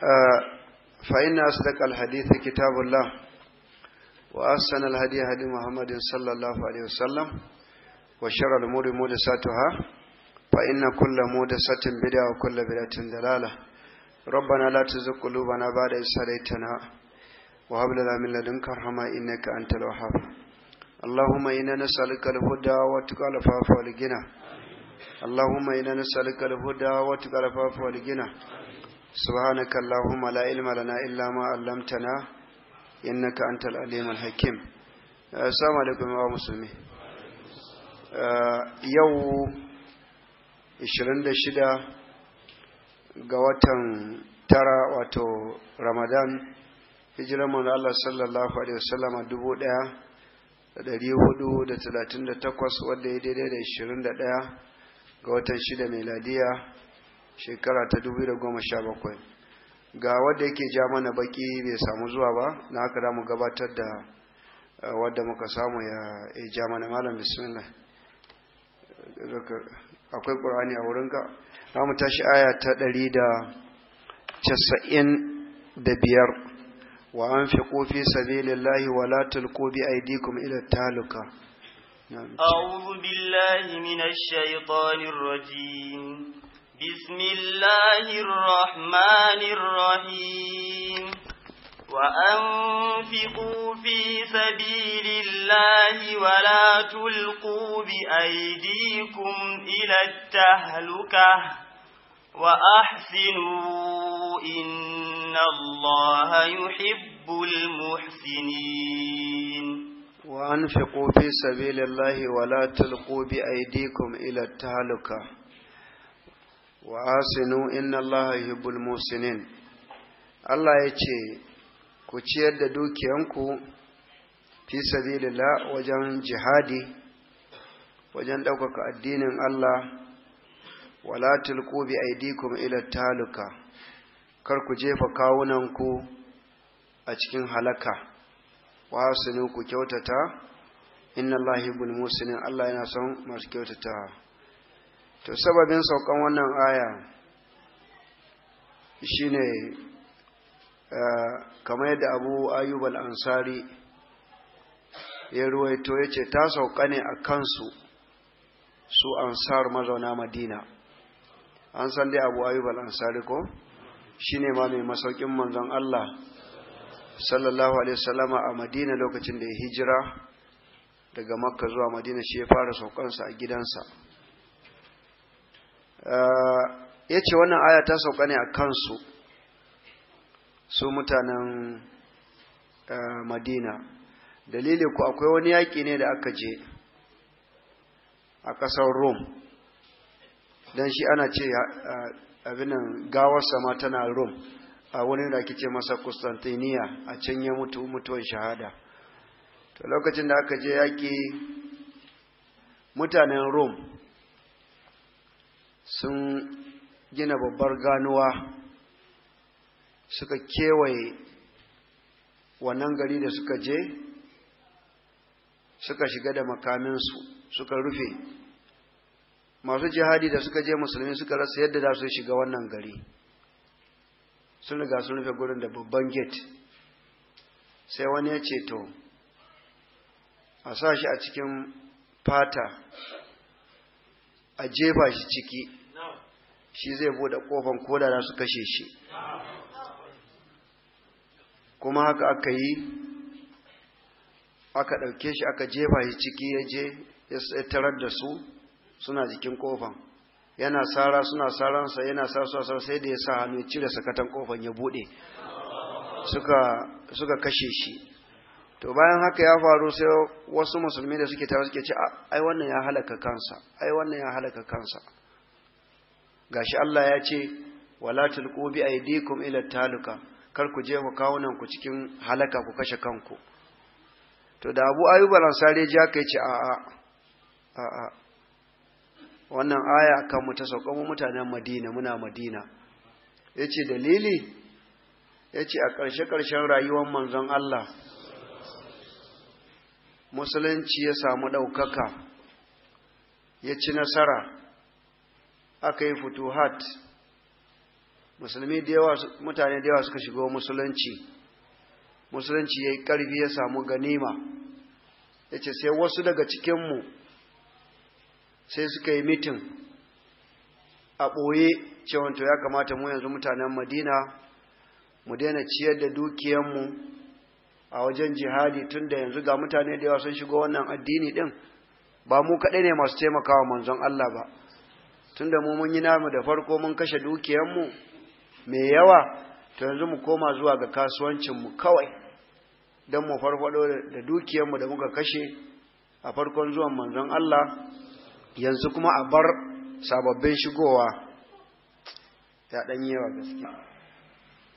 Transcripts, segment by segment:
fa inna asdaqal hadith kitabullah wa asnal hadi hadi muhammad sallallahu alaihi wa sharal umuri mudasatuha fa inna kull mudasatin bid'a wa kull bid'atin dalalah rabbana la tuzigh qulubana ba'da idh hadaytana wa hab lana min ladunka rahma innaka antal wahhab allahumma inna nas'aluka al huda wa tuqal fafa wal ghina allahumma inna nas'aluka al huda سبحانك اللهم لا علم لنا إلا ما علمتنا إنك أنت العليم الحكيم السلام عليكم يا مسلمين يو shida ga watan tara wato Ramadan hijiran manzo Allah sallallahu alaihi wasallam dubu ɗaya da ɗari hudu da talatin da takwas wadda ya daidai da ishirin da ɗaya ga watan shida mai ladiya. shekara ta 2017 ga wanda yake ja mana baki bai samu zuwa ba na aka damu gabatar da eh, wanda muka samu ya ja mana malam bismillah akwai ƙur'ani a wurinka za mu tashi aya ta 195 وأنفقوا في سبيل الله ولا تلقوا بأيديكم إلى التهلكة أعوذ بالله من الشيطان الرجيم بسم الله الرحمن الرحيم وأنفقوا في سبيل الله ولا تلقوا بأيديكم إلى التهلكة وأحسنوا إن الله يحب المحسنين وأنفقوا في سبيل الله ولا تلقوا بأيديكم إلى التهلكة wa asinu inna Allah yuhibbul musinin Allah ya ce ku ciyar da dukiyanku fi sabilillah wajen jihadi wajen ɗaukaka addinin Allah wala tulqu bi aidikum ila taluka kar ku jefa kawunanku a cikin halaka wa ku kyautata inna Allah yuhibbul musinin Allah yana son masu kyautata to sababin saukan wannan aya shine kamar yadda abu ayyub al’ansari ya ruwaito ya ce ta sauka ne a kansu su ansar mazauna madina an san dai abu ayyub al’ansari ansari ko shine ma mai masaukin manzon Allah sallallahu alaihi salama a madina lokacin da ya hijira daga makka zuwa madina shi ya fara saukansa a gidansa Eh, ya ce wannan aya ta sauka ne a kansu su mutanen eh, madina dalili ku akwai wani yaƙi ne da aka je a ƙasar rome don shi ana ce eh, abinan gawar ma tana rome a wani da ake ce masa Constantinia a can ya mutu mutuwan shahada to lokacin da aka je yaƙi mutanen rome sun gina babbar ganuwa suka kewaye wannan gari da suka je suka shiga da makaminsu suka rufe masu jihadi da suka je musulmi suka rasa yadda za su shiga wannan gari sun riga sun rufe gurin da babban gate sai wani ya ce to a sa shi a cikin fata a jefa shi ciki shi zai bude kofan koda da su kashe shi kuma haka aka yi aka ɗauke shi aka jefa shi ciki ya je ya tarar da su suna jikin kofan yana sara suna saransa yana sarsuwa sai da ya sa hannu cire sakatan kofan ya bude suka kashe shi to bayan haka ya faru sai wasu musulmi da suke tare suke ce ai wannan ya halaka kansa ai wannan ya halaka kansa gashi Allah ya ce wala tulqu bi aidikum ila taluka kar ku je mu nan ku cikin halaka ku kashe kanku to da Abu Ayyub al-Ansari ya kai ce a a a a wannan aya kan mu ta sauka mu mutanen Madina muna Madina yace dalili yace a ƙarshe ƙarshen rayuwar manzon Allah musulunci ya samu ɗaukaka ya ci nasara aka yi fituhat musulmi mutane da yawa suka shigo musulunci musulunci ya yi ƙarfi ya samu ganima ya ce sai wasu daga cikinmu sai suka yi mitin a ɓoye cewanto ya kamata mu yanzu mutanen madina mu daina ciyar da dukiyanmu a wajen jihadi tun da yanzu ga mutane da yawa sun shigo wannan addini din ba mu kaɗai ne masu taimakawa manzon Allah ba tun da mu mun yi namu da farko mun kashe dukiyanmu mai yawa to yanzu mu koma zuwa ga kasuwancin mu kawai don mu farfado da dukiyanmu da muka kashe a farkon zuwan manzon Allah yanzu kuma a bar sababbin shigowa ya ɗan yawa gaskiya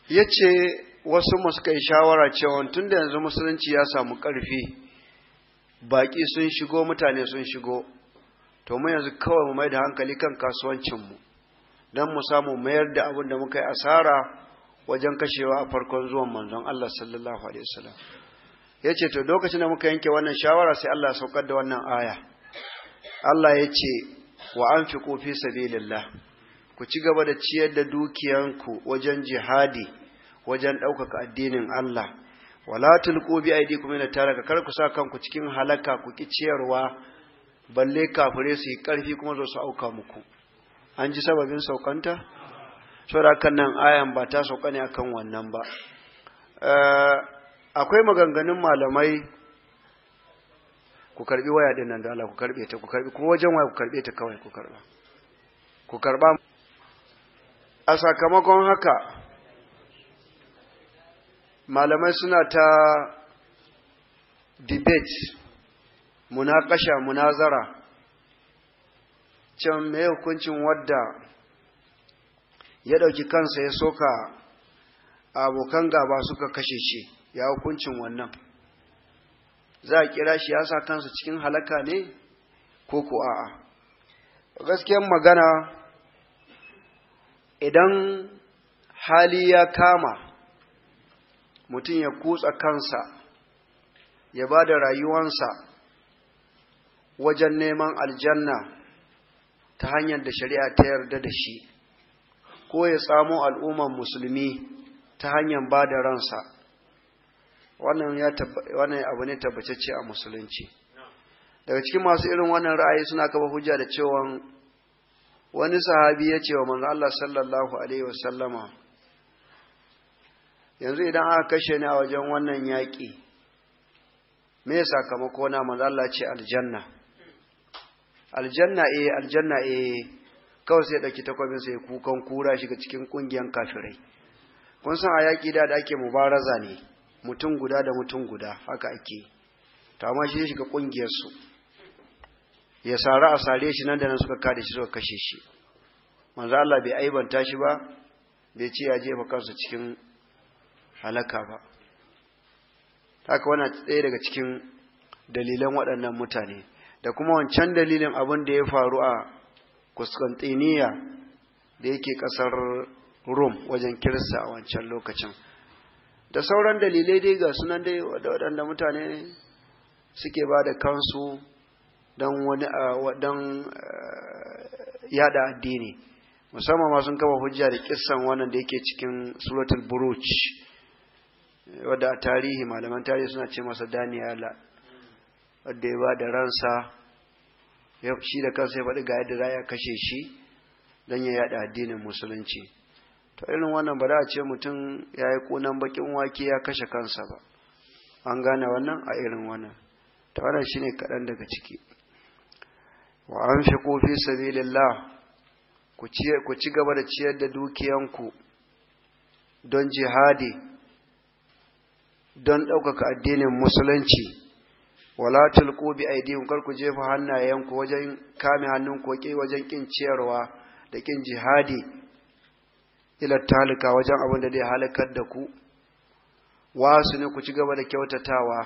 ya ce wasu muskai shawara cewa tun da yanzu musulunci ya samu ƙarfi baƙi sun shigo mutane sun shigo to mu yanzu kawai mu mai da hankali kan kasuwancinmu don mu samu mayar da abin da muka yi asara wajen kashewa a farkon zuwan manzon Allah sallallahu alaihi wasallam ya ce to lokacin da muka yanke wannan shawara sai Allah ya saukar da wannan aya Allah ya ce wa an fi kofi sabilillah ku ci gaba da ciyar da dukiyanku wajen jihadi wajen ɗaukaka addinin Allah wala tulqu bi aydikum ila taraka kar ku sa kanku cikin halaka ku ki ciyarwa balle kafure su yi ƙarfi kuma zo su auka muku an ji sababin saukanta saboda kan nan ayan ba ta sauka ne akan wannan ba eh, akwai maganganun malamai ku karbi waya din nan da Allah ku karbe ta ku karbi ko wajen waya ku karbe ta kawai ku karba ku karba a sakamakon haka malamai suna ta debate munakasha munazara can mai hukuncin wadda ya ɗauki kansa ya soka abokan gaba suka kashe shi ya hukuncin wannan za a kira shi ya sa kansa cikin halaka ne ko ko a'a gaskiyar magana idan hali ya kama mutum ya kutsa kansa ya ba da rayuwansa wajen neman aljanna ta hanyar da shari'a ta yarda da shi ko ya samo al'umman musulmi ta hanyar ba da ransa wannan abu ne tabbatacce a musulunci daga cikin masu irin wannan ra'ayi suna kafa hujja da cewa wani sahabi ya ce wa manzo Allah sallallahu alaihi wasallama yanzu idan aka kashe ni a wajen wannan yaƙi me sakamako na manzo Allah ce aljanna aljanna eh aljanna eh kawai sai dauki takwabin sai kukan kura shiga cikin kungiyan kafirai kun san a yaƙi da da ake mubaraza ne mutum guda da mutum guda haka ake to amma shi shiga kungiyar su ya sare a sare shi nan da nan suka kada shi suka kashe shi manzo Allah bai aibanta shi ba bai ce ya jefa kansa cikin halaka ba haka wana tsaye daga cikin dalilan waɗannan mutane da kuma wancan dalilin abin da ya faru a kuskantiniya da yake ƙasar rum wajen kirsa a wancan lokacin da sauran dalilai dai ga sunan dai waɗanda mutane suke ba da kansu don wani waɗan yada addini musamman ma sun kama hujja da kissan wannan da yake cikin suratul buruj wadda a tarihi malaman tarihi suna ce masa daniyala wadda ya ba da ransa shi da kansa ya faɗi ga yadda za a kashe shi don ya yada addinin musulunci ta irin wannan ba za a ce mutum ya yi kunan bakin wake ya kashe kansa ba an gane wannan a irin wannan ta wannan shi ne kaɗan daga ciki wa an fi kofi sabilillah ku ci gaba da ciyar da dukiyanku don jihadi don ɗaukaka addinin musulunci wala tulku bi aidiyun kar ku jefa hannayenku wajen kame hannun ku. ke wajen kin ciyarwa da kin jihadi ila talika wajen abin da zai halakar da ku wasu ne ku ci gaba da kyautatawa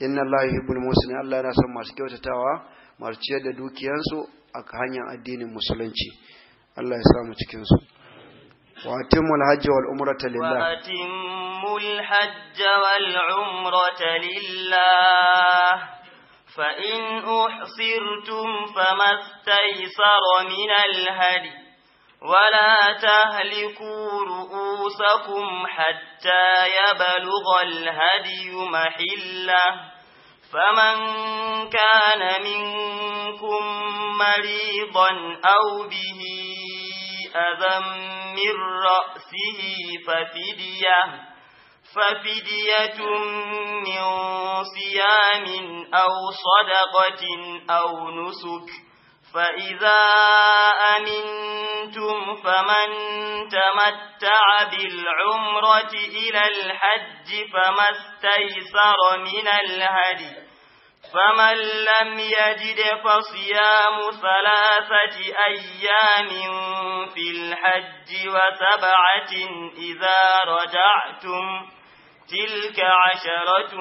inna allaha yuhibbul muslimin allah yana son masu kyautatawa marciyar da dukiyansu a hanyar addinin musulunci allah ya samu cikin su وأتموا الحج والعمرة لله وأتموا الحج والعمرة لله فإن أحصرتم فما استيسر من الهدي ولا تهلكوا رؤوسكم حتى يبلغ الهدي محله فمن كان منكم مريضا أو به أذى من رأسه ففدية ففدية من صيام أو صدقة أو نسك فإذا أمنتم فمن تمتع بالعمرة إلى الحج فما استيسر من الهدي فمن لم يجد فصيام ثلاثة أيام في الحج وسبعة إذا رجعتم تلك عشرة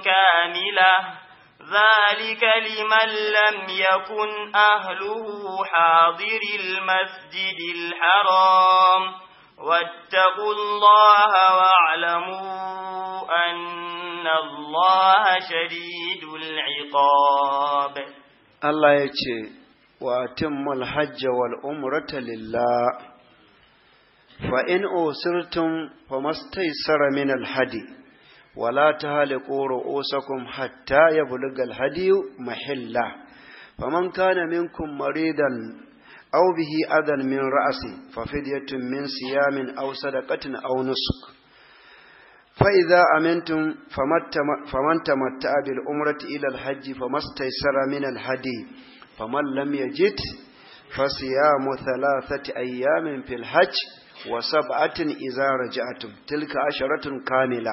كاملة ذلك لمن لم يكن أهله حاضر المسجد الحرام واتقوا الله واعلموا أن إن الله شديد العقاب الله يتي وأتم الحج والأمرة لله فإن أوسرتم فما استيسر من الهدي ولا تهلكوا رؤوسكم حتى يبلغ الهدي محله فمن كان منكم مريضا أو به أذى من رأسه ففدية من صيام أو صدقة أو نسك فإذا أمنتم فمن تمتع بالعمرة إلى الحج فما استيسر من الهدي فمن لم يجد فصيام ثلاثة أيام في الحج وسبعة إذا رجعتم تلك عشرة كاملة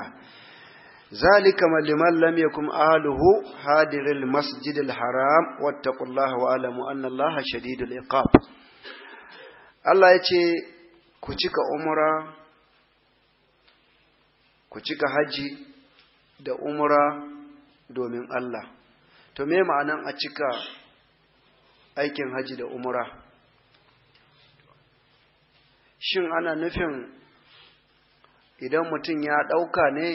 ذلك لمن لم يكن أهله حاضر المسجد الحرام واتقوا الله واعلموا أن الله شديد العقاب الله يجي كتك أمرا ku cika haji da umura domin Allah to me ma'anan a cika aikin haji da umura? shin ana nufin idan mutum ya ɗauka ne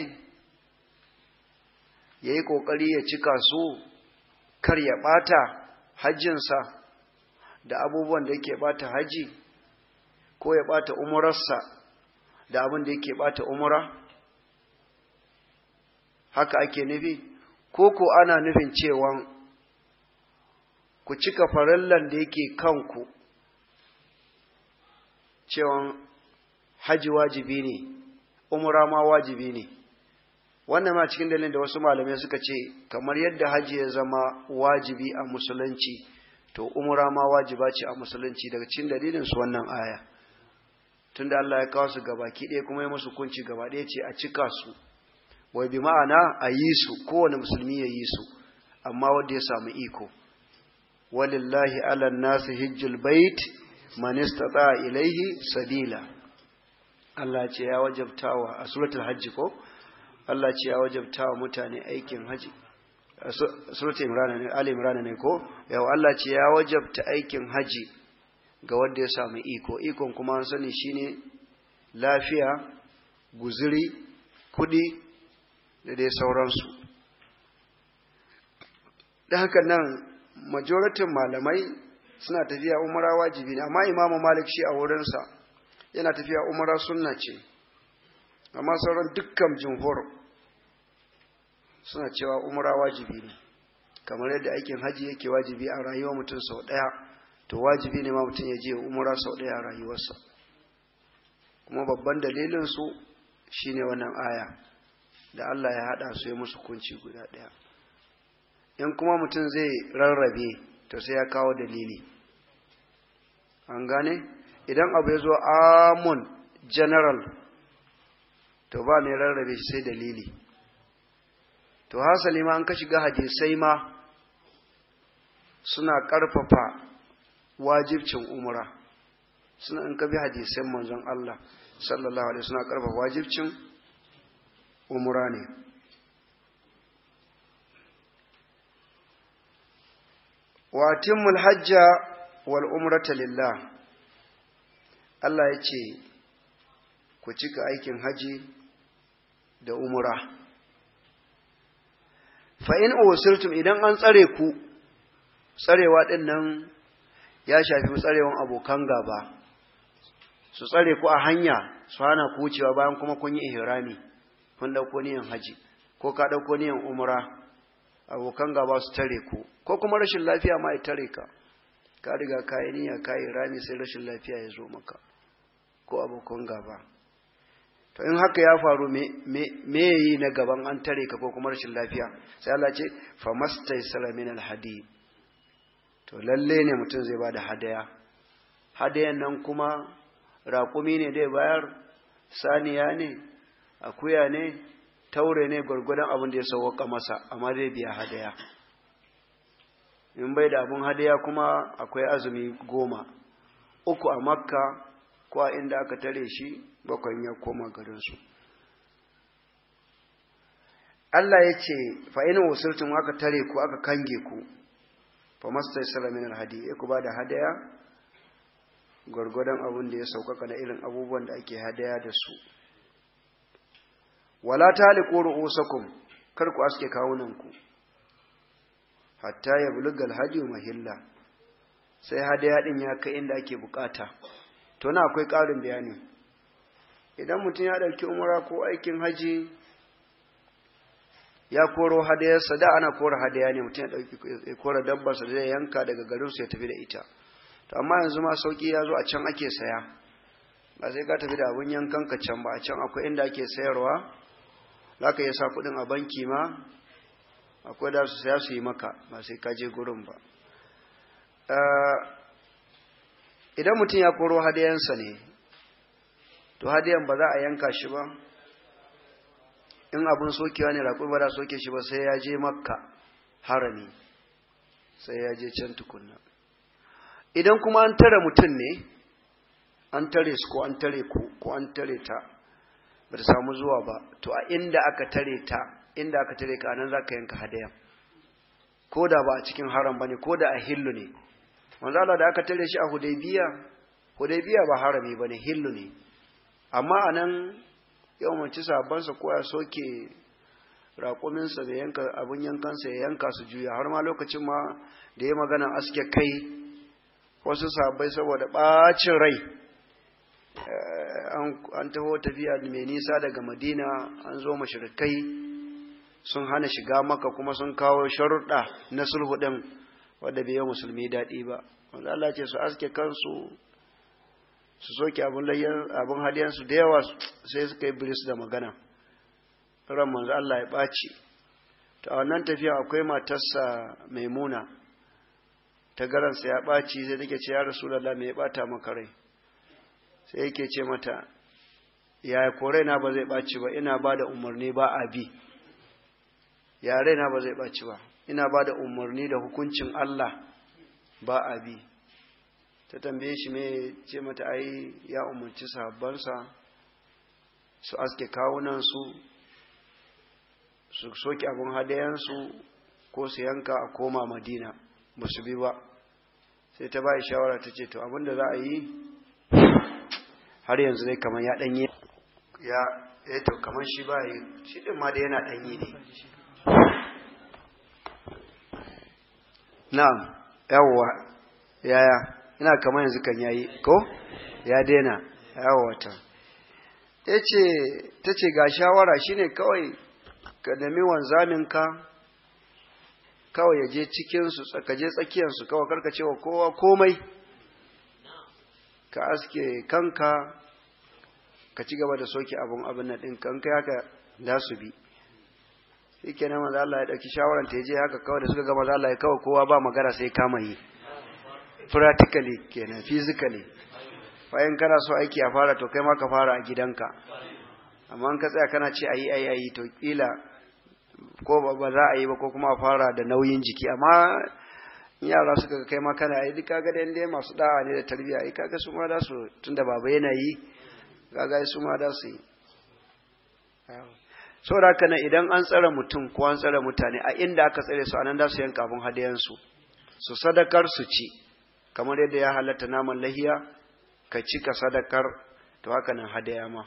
ya yi ƙoƙari ya cika su kar ya ɓata hajjinsa da abubuwan da yake ɓata haji ko ya ɓata umurarsa da abin da yake ɓata umura haka ake nufi ko ko ana nufin cewa ku cika farallan da yake kanku cewa haji wajibi ne umra ma wajibi ne wannan ma cikin dalilin da wasu malamai suka ce kamar yadda haji ya zama wajibi a musulunci to umra ma wajiba ce a musulunci daga cikin dalilin su wannan aya tunda Allah ya kawo su gabaki ɗaya kuma ya musu kunci gaba ɗaya ce a cika su wai bi ma'ana a yi su kowane musulmi ya yi su amma wanda ya samu iko walillahi ala nasi hijjul bait man istata ilaihi sabila Allah ce ya wajabtawa a suratul hajji ko Allah ce ya wajabtawa mutane aikin haji suratul imran ne ali imran ne ko yau Allah ce ya wajabta aikin haji ga wanda ya samu iko ikon kuma an sani shine lafiya guzuri kudi da dai sauransu da haka nan majoratin malamai suna tafiya umara wajibi ne amma imamu malik shi a wurinsa yana tafiya umara sunna ce amma sauran dukkan jumhur suna cewa umara wajibi ne kamar yadda aikin haji yake wajibi a rayuwa mutum sau ɗaya to wajibi ne ma mutum ya je umara sau ɗaya a rayuwarsa kuma babban dalilinsu shi ne wannan aya da Allah ya haɗa su ya musu kunci guda ɗaya in kuma mutum zai rarrabe to sai ya kawo dalili an gane idan abu ya zo amun general to ba mai rarrabe shi sai dalili to hasali ma an ka shiga hadisai ma suna ƙarfafa wajibcin umra suna in ka bi hadisai manzon Allah sallallahu alaihi suna ƙarfafa wajibcin umura ne watimmul hajja wal umrata lillah Allah ya ce ku cika aikin haji da umura fa in usirtum idan an tsare ku tsarewa din nan ya shafi tsarewan abokan gaba su tsare ku a hanya su hana ku wucewa bayan kuma kun yi ihrami kun ɗauko niyan haji ko ka ɗauko niyan umra abokan gaba su tare ku ko kuma rashin lafiya ma ya tare ka ka riga ka yi niyya ka yi rami sai rashin lafiya ya zo maka ko abokan gaba to in haka ya faru me yi na gaban an tare ka ko kuma rashin lafiya sai Allah ce famastai salamin alhadi to lalle ne mutum zai bada hadaya hadayan nan kuma raƙumi ne dai bayar saniya ne akuya ne taure ne gwargwadon abin da ya sauwaka masa amma zai biya hadaya in bai da abin hadaya kuma akwai azumi goma uku a makka ko a inda aka tare shi bakwai ya koma garinsu Allah ya ce fa'inin wasultun aka tare ku aka kange ku fa mastai salamin alhadi ya ku ba da hadaya gwargwadon abin da ya saukaka na irin abubuwan da ake hadaya da su wala taliqu ru'usakum kar ku aske kawunanku hatta yablugha Haji mahilla sai hadaya din ya kai inda ake bukata to na akwai karin bayani idan mutum ya dauki umra ko aikin haji ya koro hadayarsa da ana kora hadaya ne mutum ya dauki ya dabbar sa da yanka daga garinsu ya tafi da ita to amma yanzu ma sauki ya zo a can ake saya ba sai ka tafi da abun yankan ka can ba a can akwai inda ake sayarwa za ka iya sa kuɗin a banki ma akwai da su ya su yi maka ba sai ka je gurin ba eh, idan mutum ya koro hadayensa ne to hadayen ba za a yanka shi ba in abin sokewa ne raƙon ba da soke shi ba sai ya je makka harami sai ya je can tukunna idan kuma an tare mutum ne an tare su ko an tare ku ko an tare ta ba ta samu zuwa ba to a inda aka tare ta inda aka tare ka nan za ka yanka hadaya ko da ba a cikin haram ba ne ko da a hillu ne manzo da aka tare shi a hudaibiya hudaibiya ba harami ba ne hillu ne amma a nan yawanci sabansa ko ya soke raƙuminsa da yanka abin yankansa ya yanka su juya har ma lokacin ma da ya magana aske kai wasu sabai saboda ɓacin rai Eh, an taho tafiya mai nisa daga madina an zo mashirkai sun hana shiga maka kuma sun kawo sharuɗa na sulhu ɗin wadda bai yi musulmi daɗi ba wanda Allah ce su aske kansu su soke abin da yawa sai suka yi bilis da magana ran manzo Allah ya ɓaci ta wannan tafiya akwai matarsa maimuna ta garansa ya ɓaci zai take ce ya rasu da me ya ɓata maka rai sai yake ce mata ya ko raina ba zai ɓaci ba ina ba da umarni ba a bi ya raina ba zai ɓaci ba ina ba da umarni da hukuncin Allah ba a bi ta tambaye shi me ce mata ai ya umarci sahabbansa su aske kawunansu su soke abin hadayensu ko su yanka a koma madina ba su bi ba sai ta ba shawara ta ce to da za a yi har yanzu dai kamar ya ɗanye ya eto eh kamar shi ba yi shi ɗin ma da yana ɗanye ne na'am yawwa yaya ina kamar yanzu kan yayi ko ya daina yawwa ta yace ce ga shawara shine kawai ka nemi wanzaminka kawai ya je cikinsu ka je su kawai karkacewa kowa komai ka aske kanka ka ci gaba da soke abun abin na ɗin kanka haka za su bi shi na maza Allah ya ɗauki shawaran ta je haka kawai da suka ga maza Allah ya kawai kowa ba magana sai kama yi practically kenan physically bayan kana so aiki a fara to kai ma ka fara a gidanka amma in ka tsaya kana ce ayi ayi ayi to kila ko ba za a yi ba ko kuma a fara da nauyin jiki amma yara suka ga kai ma kana yi duk kaga da dai masu da'a ne da tarbiya ai kaga su ma da su tunda baba yana yi kaga su ma da su yi da haka nan idan an tsare mutum ko an tsare mutane a inda aka tsare su anan da su yanka abin hadayan su su sadakar su ci kamar yadda ya halatta naman lahiya ka ci ka sadakar to haka nan hadaya ma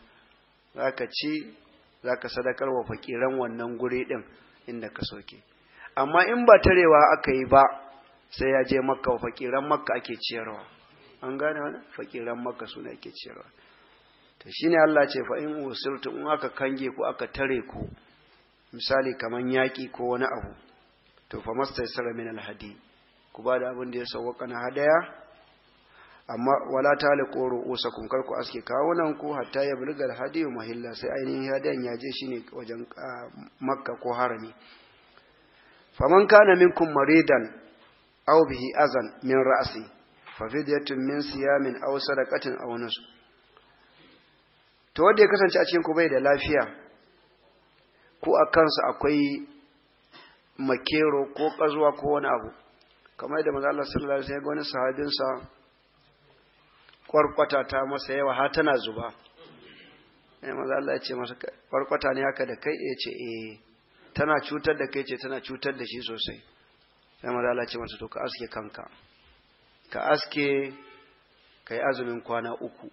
za ka ci za ka sadakar wa fakiran wannan guri din inda ka soke amma in ba tarewa aka yi ba sai ya je makka wa fakiran makka ake ciyarwa an gane wani fakiran makka suna ake ciyarwa to shine Allah ce fa in usirtu in aka kange ku aka tare ku misali kaman yaki ko wani abu to fa mastaysara min alhadi ku ba da abin da ya sawwaka na hadaya amma wala taliqu ru'usakum kar ku aske kawunan ku hatta ya bulgar hadiyu mahilla sai ainihin hadayan ya je shine wajen ah, makka ko harami faman kana minkum maridan aw bihi azan min ra'si fa fidyatun min siyamin aw sadaqatin aw nus to wanda ya kasance a cikin ku bai da lafiya ko a kansa akwai makero ko kazuwa ko wani abu kamar yadda manzo Allah sallallahu alaihi wasallam wani sahabinsa kwarkwata ta masa yawa har tana zuba eh manzo Allah ya ce masa kwarkwata ne haka da kai ya ce eh tana cutar da kai ce tana cutar da shi sosai sai maza Allah ce mata to ka aske kanka ka aske ka yi azumin kwana uku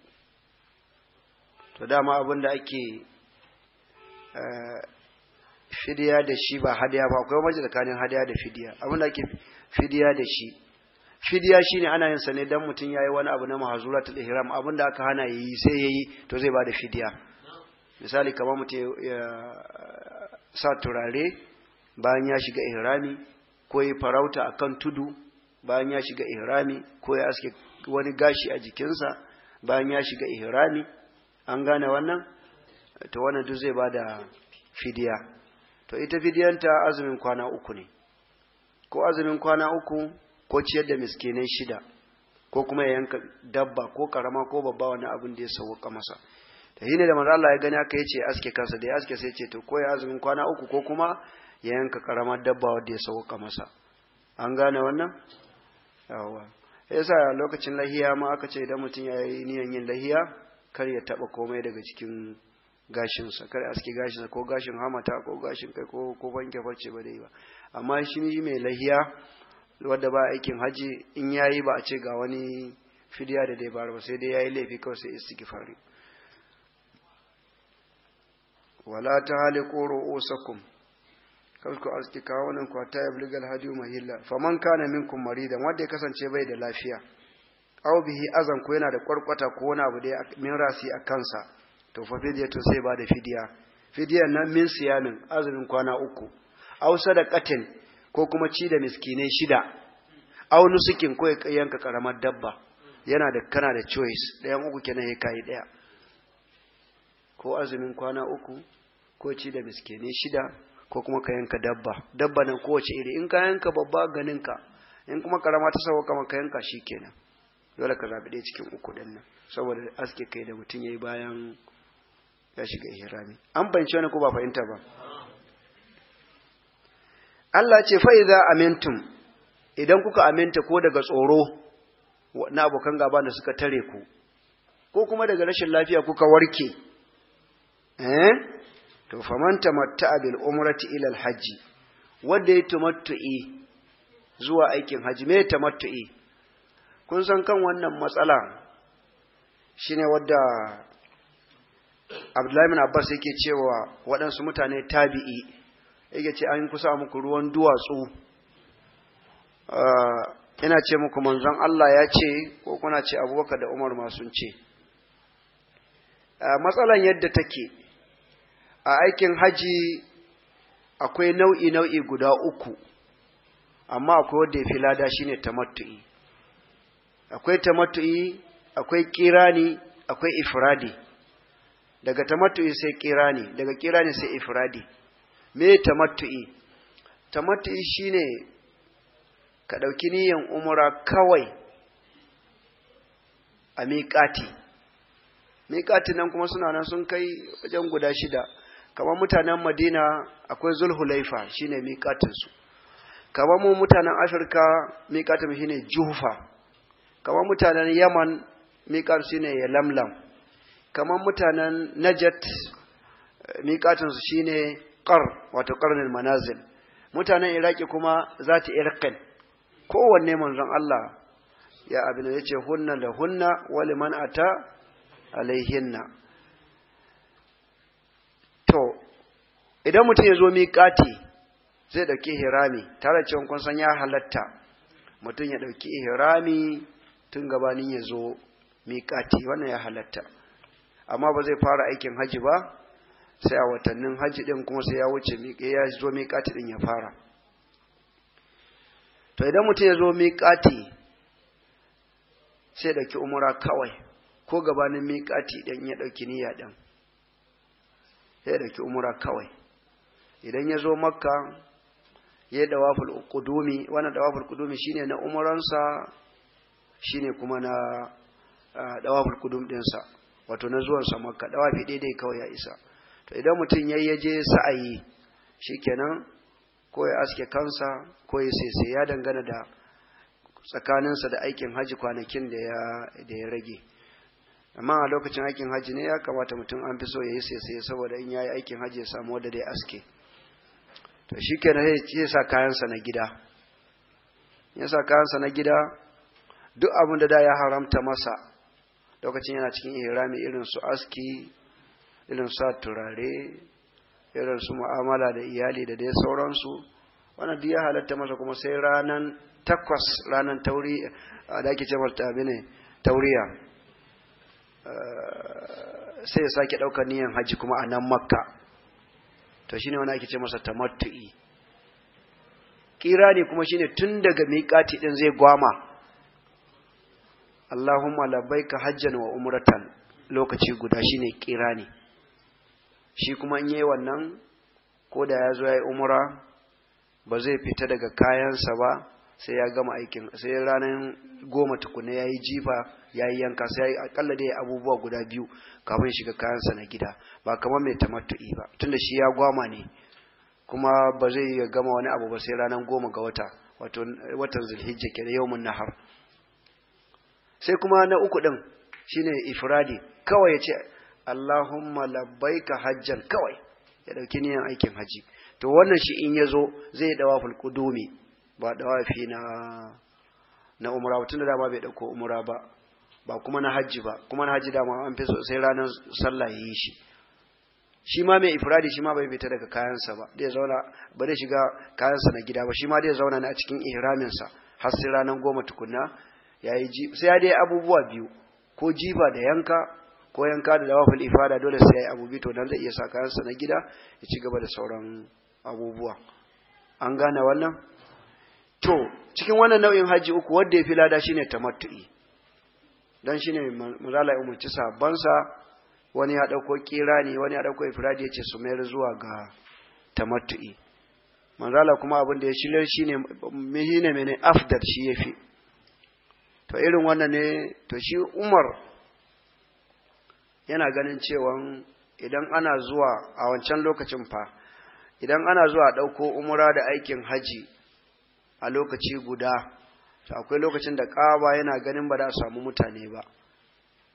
to dama abin da ake eh, fidiya da shi ba hadiya ba akwai mace tsakanin hadiya da fidiya abin da ake fidiya da shi fidiya shine ana yin sa ne dan mutum yayi wani abu na mahazuratul ihram abin da aka hana yi sai yayi to zai bada fidiya misali kamar mutum ya sa turare bayan ya shiga ihrami ko ya farauta a kan tudu bayan ya shiga ihrami ko ya aske wani gashi a jikinsa bayan ya shiga ihrami an gane wannan to wannan duk zai da fidiya to ita fidiyanta azumin kwana uku ne ko azumin kwana uku ko ciyar da miskinai shida ko kuma ya yanka dabba ko karama ko babba wani abin da ya sauka masa ta ne da manzo Allah ya gani aka yace aske kansa da ya aske sai ce to ko ya azumin kwana uku ko kuma ya yanka karamar dabba wadda ya sauka masa an gane wannan yawa yasa lokacin lahiya ma aka ce idan mutum ya yi niyan yin lahiya kar ya taba komai daga cikin gashinsa kar aski gashinsa ko gashin hamata ko gashin kai ko ko banke farce ba dai ba amma shi mai lahiya wadda ba aikin haji in yayi ba a ce ga wani fidiya da dai ba sai dai yayi laifi kawai sai istighfari wala ta tahaliqu ru'usakum kar ku arziki kawunan ku ta yabliga alhadiyu mahilla faman kana minkum marida wanda ya kasance bai da lafiya aw bihi azan ko yana da kwarkwata ko wani abu da min rasi a kansa to fa to sai ba da fidiya fidiya nan min siyanin azumin kwana uku aw sadaqatin ko kuma ci da miskinai shida aw nusukin ko yanka karamar dabba yana da kana da choice ɗayan uku kenan ya kai ɗaya ko azumin kwana uku ko ci da miskinai shida ko kuma ka yanka dabba dabba nan kowace iri in ka yanka babba ganinka in kuma karama ta sawo kama ka yanka shi kenan dole ka zaɓi ɗaya cikin uku ɗin nan saboda aske kai da mutum ya yi bayan ya shiga ihrami an fahimci wani ko ba fahimta ba Allah ce fa'iza amintum idan kuka aminta ko daga tsoro na abokan gaba da suka tare ku ko kuma daga rashin lafiya kuka warke eh to faman tamatta'a bil umrati ilal hajji wanda ya tamattu'i zuwa aikin hajji me tamattu'i kun san kan wannan matsala shine wadda Abdullahi bin Abbas yake cewa waɗansu mutane tabi'i yake ce an kusa muku ruwan duwatsu ah, ina ce muku manzon Allah ya ce ko kuna ce abubakar da umar ma sun ce ah, matsalan yadda take a aikin haji akwai nau'i nau'i guda uku amma akwai wanda ya fi lada shine tamattu'i akwai tamattu'i akwai kirani akwai ifradi daga tamattu'i sai kirani daga kirani sai ifradi me tamattu'i tamattu'i shine ka ɗauki niyan umura kawai a miƙati miƙati nan kuma suna nan sun kai wajen guda shida kamar mutanen madina akwai zulhulaifa shine miƙatinsu kamar mu mutanen afirka miƙatin shine jufa kamar mutanen yaman miƙatin shine lamlam kamar mutanen najat eh, miƙatinsu shine ƙar wato ƙarnin manazil mutanen iraki kuma za ta irkin kowanne manzon allah ya abin ya ce hunna da hunna wali man ata alaihinna idan mutum ya zo miƙati zai ɗauki hirami tare da cewa kun san ya halatta mutum ya ɗauki hirami tun gabanin ya zo miƙati wannan ya halatta amma ba zai fara aikin haji ba sai a watannin haji ɗin kuma sai ya wuce ya zo miƙati ɗin ya fara to idan mutum ya zo miƙati sai ɗauki umura kawai ko gabanin miƙati ɗin ya ɗauki niyya ɗin sai ɗauki umura kawai idan ya zo makka ya yi dawaful qudumi wannan dawaful shi ne na umuransa ne kuma na dawaful qudum dinsa wato na zuwansa makka dawafi daidai kawai ya isa to idan mutum yayi yaje sa'ayi shikenan ko ya aske kansa ko ya sese ya dangana da tsakaninsa da aikin haji kwanakin da ya rage amma a lokacin aikin haji ne ya kamata mutum an fi so ya yi sese saboda in ya yi aikin haji ya samu wadda dai aske shi kenan ya sa kayansa na gida ya sa kayansa na gida duk abin da ya haramta masa lokacin yana cikin ihrami irin su aski irin sa turare irin su mu'amala da iyali da dai sauransu wannan duk ya halatta masa kuma sai ranan takwas ranan tauri da ake ce mata ne tauriya eh, sai ya sake ɗaukar niyan haji kuma a nan makka to shine wani ake ce masa tamattu'i kirani kuma shine tun daga miqati din zai gwama Allahumma labbaika hajjan wa umratan lokaci guda shine kirani shi kuma in yayi wannan ko da ya zo ya yi umra ba zai fita daga kayansa ba sai ya gama aikin sai ranar goma tukuna ya yi jifa ya yi yanka sai ya akalla dai abubuwa guda biyu kafin shiga kayansa na gida ba kamar mai tamattu'i ba tunda shi ya gwama ne kuma ba zai ya gama wani abu ba sai ranar goma ga wata wato watan zulhijja ke da yawmun nahar sai kuma na uku din shine ifradi kawai ya ce Allahumma labbaika hajjan kawai ya dauki niyan aikin haji to wannan shi in ya zo zai dawa fulqudumi ba dawafi na na umra ba da dama bai dauko umra ba ba kuma na hajji ba kuma na hajji dama an fi sai ranar sallah yi shi shi ma mai ifradi shi ma bai fita daga kayansa ba dai zauna ba dai shiga kayansa na gida ba shi ma zai zauna ne cikin ihraminsa har sai ranar goma tukunna yayi ji sai ya dai abubuwa biyu ko jiba da yanka ko yanka da lawafin ifada dole sai yayi abubi to dan zai iya sa kayansa na gida ya ci gaba da sauran abubuwa an gane wannan to cikin wannan nau'in haji uku wanda ya fi lada shine tamattu'i dan shine mazala umarci sabansa wani ya dauko ne wani ya dauko ifradi yace su mayar zuwa ga tamattu'i manzala kuma abin da ya shirya shine mihine mene afdal shi yafi to irin wannan ne to shi Umar yana ganin cewa idan ana zuwa a wancan lokacin fa idan ana zuwa dauko umura da aikin haji a lokaci guda to akwai lokacin da ƙaba yana ganin ba da samu mutane ba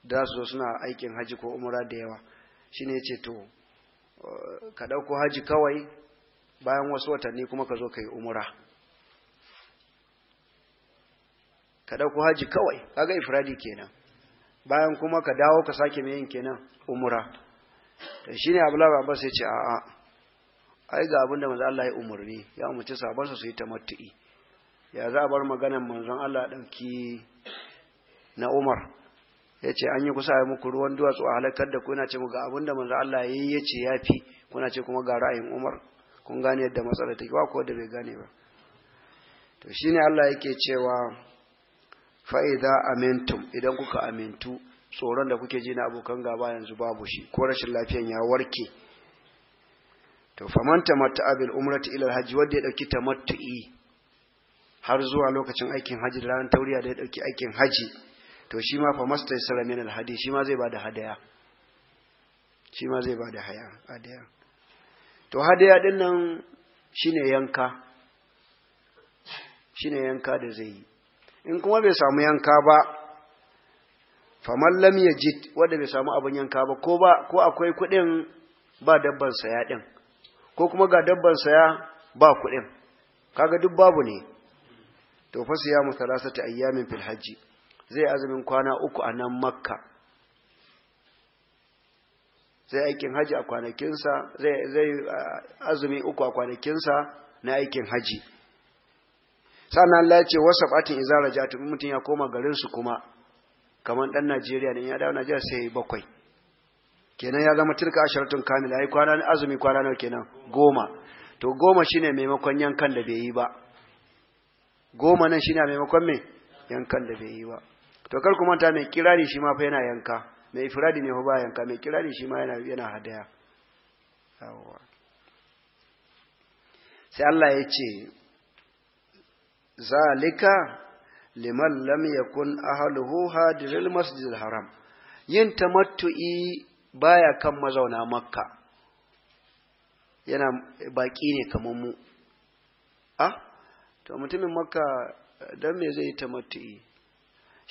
da su zo suna aikin haji ko umra da yawa shine yace to eh, ka dauko haji kawai bayan wasu watanni kuma ka zo ka yi umra ka dauko haji kawai kaga ifradi kenan bayan kuma ka dawo ka sake mai yin kenan umra to shine Abdullahi Abbas yace a'a ai ga abin da manzo Allah ya umurni ya umurci sabansa su yi tamattu'i ya za a bar maganan manzon Allah ɗauki na Umar ya ce an yi kusa a muku ruwan duwatsu a halakar da kuna ce ga abin da manzon Allah ya yi ya ce ya fi kuna ce kuma ga ra'ayin Umar kun gane yadda matsala take ba ko da bai gane ba to shine Allah yake cewa fa amintum idan kuka amintu tsoron da kuke ji na abokan gaba yanzu babu shi ko rashin lafiyan ya warke to famanta tamatta'a bil umrati ila al wanda ya dauki tamattu'i har zuwa lokacin aikin haji da ranar tauriya da ya dauki aikin haji to shi ma fa mastai salamin alhadi shi ma zai bada hadaya shi ma zai bada haya hadaya to hadaya din nan shine yanka shine yanka da zai yi in kuma bai samu yanka ba faman lam yajid wanda bai samu abin yanka ba ko ba ko akwai kuɗin ba dabban saya din ko kuma ga dabban saya ba kuɗin kaga duk babu ne to fa siyamu thalathati ayyamin fil hajji zai azumin kwana uku a nan makka zai aikin haji a kwanakinsa zai zai azumi uku a kwanakinsa na aikin haji sannan Allah ya ce wasabatin ja rajatu mutun ya koma garin su kuma kaman dan Najeriya ne ya dawo Najeriya sai bakwai kenan ya zama tilka asharatun kamila ai kwana azumi kwana nawa kenan goma to goma shine maimakon yankan da bai yi ba goma nan shine a maimakon me yankan da bai yi ba to kar ku manta mai kirari shi ma fa yana yanka mai ifradi ne ho ba yanka mai kirari shi ma yana yana hadaya yawa sai Allah ya ce zalika liman lam yakun ahluhu hadiril masjidil haram yin tamattu'i baya kan mazauna makka yana baki ne kamar mu a ah? to mutumin makka dan me zai tamattu'i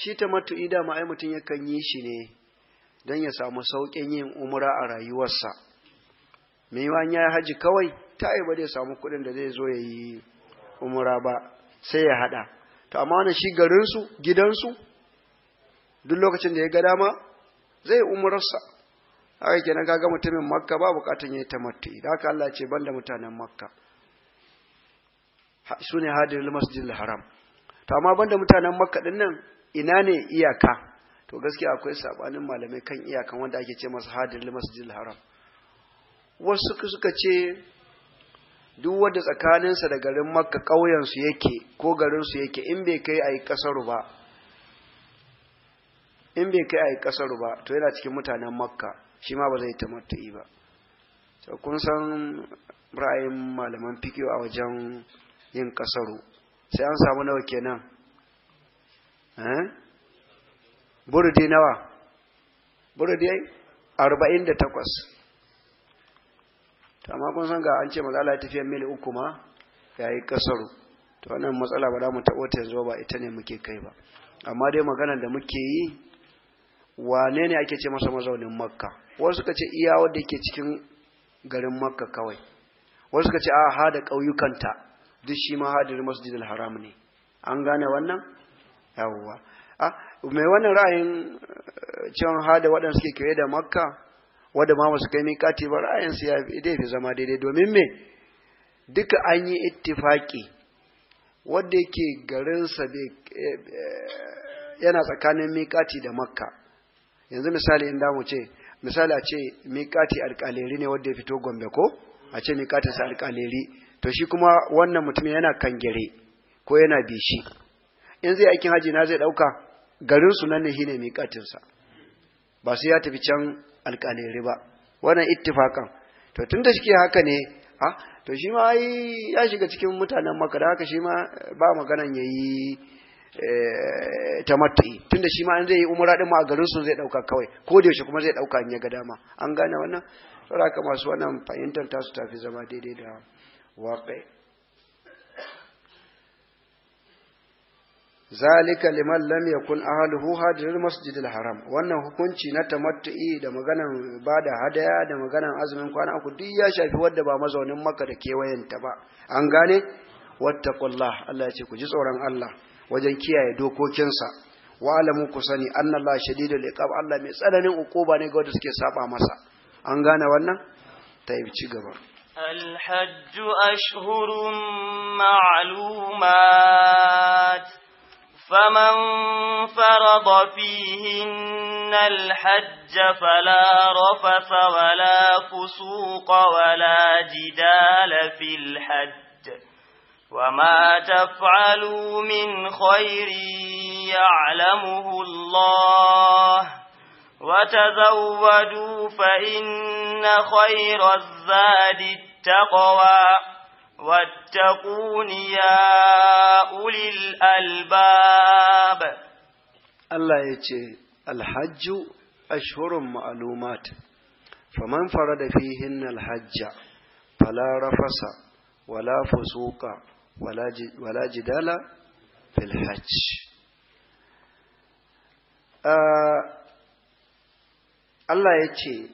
shi tamattu'i dama ai mutum yakan yi shi ne don ya samu sauƙin yin umra a rayuwarsa me yawan ya haji kawai ta ba zai samu kuɗin da zai zo ya yi umra ba sai ya haɗa to amma wannan shi garinsu gidansu duk lokacin da ya ga dama zai umurarsa haka kenan kaga mutumin makka ba bukatun ya yi tamattu'i da haka Allah ce banda mutanen makka su ne hadirul masjidil haram to amma banda mutanen makka din nan ina ne iyaka to gaskiya akwai sabanin malamai kan iyakan wanda ake ce masa hadirul masjidil haram wasu suka ce duk wanda tsakaninsa da garin makka ƙauyensu yake ko garinsu yake in bai kai a yi ƙasaru ba in bai kai a yi ba to yana cikin mutanen makka shi ma ba zai ta matu'i ba to kun san ra'ayin malaman fikiyo a wajen yin kasaru sai an samu nawa kenan eh? burdi nawa burdi arba'in da amma kun san ga an ce maza Allah tafiya mil uku ma yayi yi kasaru to wannan matsala ba za mu taɓo ta yanzu ba ita ne muke kai ba amma dai maganar da muke yi wane ne ake ce masa mazaunin makka wasu suka ce iya wadda ke cikin garin makka kawai wasu suka ce a ha da ƙauyukanta duk shi ma hadir masjidil haram ne an gane wannan yawwa a ah, mai wannan ra'ayin eh, cewa hada waɗanda suke kewaye da makka wadda ma ba su kai mikati ba ra'ayin su ya fi zama daidai domin me duka an yi ittifaki wadda yake garinsa eh, eh, yana tsakanin mikati da makka yanzu misali in mu ce misali a ce mikati alƙaleri ne wadda ya fito gombe ko a ce sa alƙaleri to shi kuma wannan mutumin yana kangere ko yana bishi in zai aikin haji na zai dauka garin su nan ne shine miƙatinsa ba sai ya tafi can alƙalere ba wannan ittifakan to tunda shi haka ne a ah, to shi ma ya shiga cikin mutanen maka da haka shi ma ba maganan yayi eh, tun tunda shi ma an zai yi din ma a garin su zai dauka kawai ko da yaushe kuma zai dauka in ya ga dama an gane wannan saboda haka masu wannan fahimtar tasu tafi zama daidai da واقع zalika liman لم يكن اهله حاضر masjidil haram wannan hukunci na tamattu'i da maganan bada hadaya da maganan azumin kwana uku duk ya shafi wanda ba mazaunin makka da kewayenta ba an gane wattaqullah Allah ya ce ku ji tsoron Allah wajen kiyaye dokokinsa wa alamu ku sani annallaha shadidul iqab Allah mai tsananin ukuba ne ga wanda suke saba masa an gane wannan tayi ci gaba الحج أشهر معلومات فمن فرض فيهن الحج فلا رفث ولا فسوق ولا جدال في الحج وما تفعلوا من خير يعلمه الله وتزودوا فإن خير الزاد التقوى واتقون يا أولي الألباب الله يجي الحج أشهر معلومات فمن فرد فيهن الحج فلا رفس ولا فسوق ولا جدال في الحج آه Allah ya ce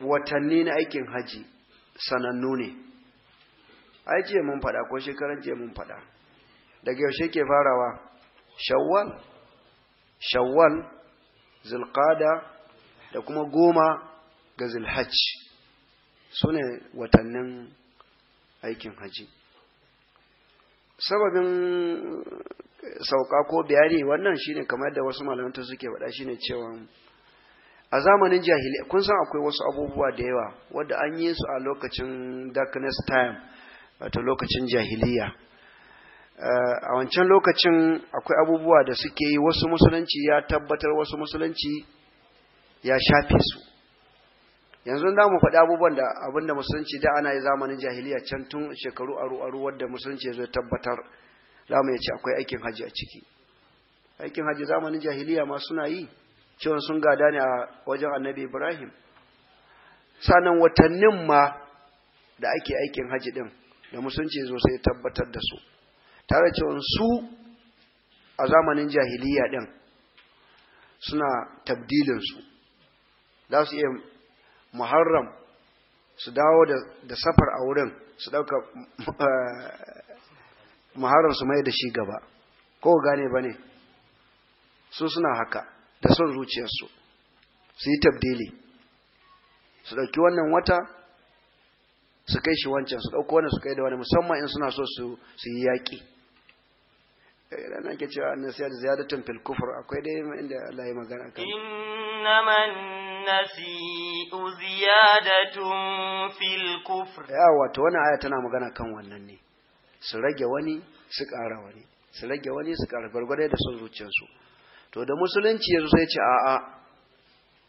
watanni na aikin haji sanannu ne ai ce mun faɗa ko shekaran ce mun faɗa daga yaushe ke farawa shawwal shawwal zulqada da kuma goma ga zulhajj su ne watannin aikin haji sababin eh, sauka ko biyari wannan shine kamar da wasu malamta suke faɗa shine cewa a zamanin jahiliya kun san akwai wasu abubuwa da yawa wadda an yi su a lokacin darkness time wato lokacin jahiliya eh, a wancan lokacin akwai abubuwa da suke yi wasu musulunci ya tabbatar wasu musulunci ya shafe su yanzu da mu faɗi abubuwan da abinda musulunci da ana yi zamanin jahiliya can tun shekaru aru aru wadda musulunci ya tabbatar za mu ya ce akwai aikin haji a ciki aikin haji zamanin jahiliya ma suna yi cewa sun gada ne a wajen annabi Ibrahim sanan watannin ma da ake aikin haji din da musulunci zo sai tabbatar da su tare cewa su a zamanin jahiliya din suna tabdilin su za su iya muharram su dawo da safar a wurin su dauka eh, muharram su mai da shi gaba ko gane bane su suna haka da son zuciyarsu su yi tabdili su ɗauki wannan wata su kai shi wancan su ɗauko wani su kai da wani musamman in suna so su yi yaƙi idan eh, ake cewa an nasiya da ziyadatun fil kufur akwai dai inda Allah ya magana kan innaman nasi ziyadatun fil kufur yawa to wannan aya tana magana kan wannan ne su rage wani su ƙara wani su rage wani su ƙara gwargwado da son zuciyarsu to da musulunci yanzu sai ce a'a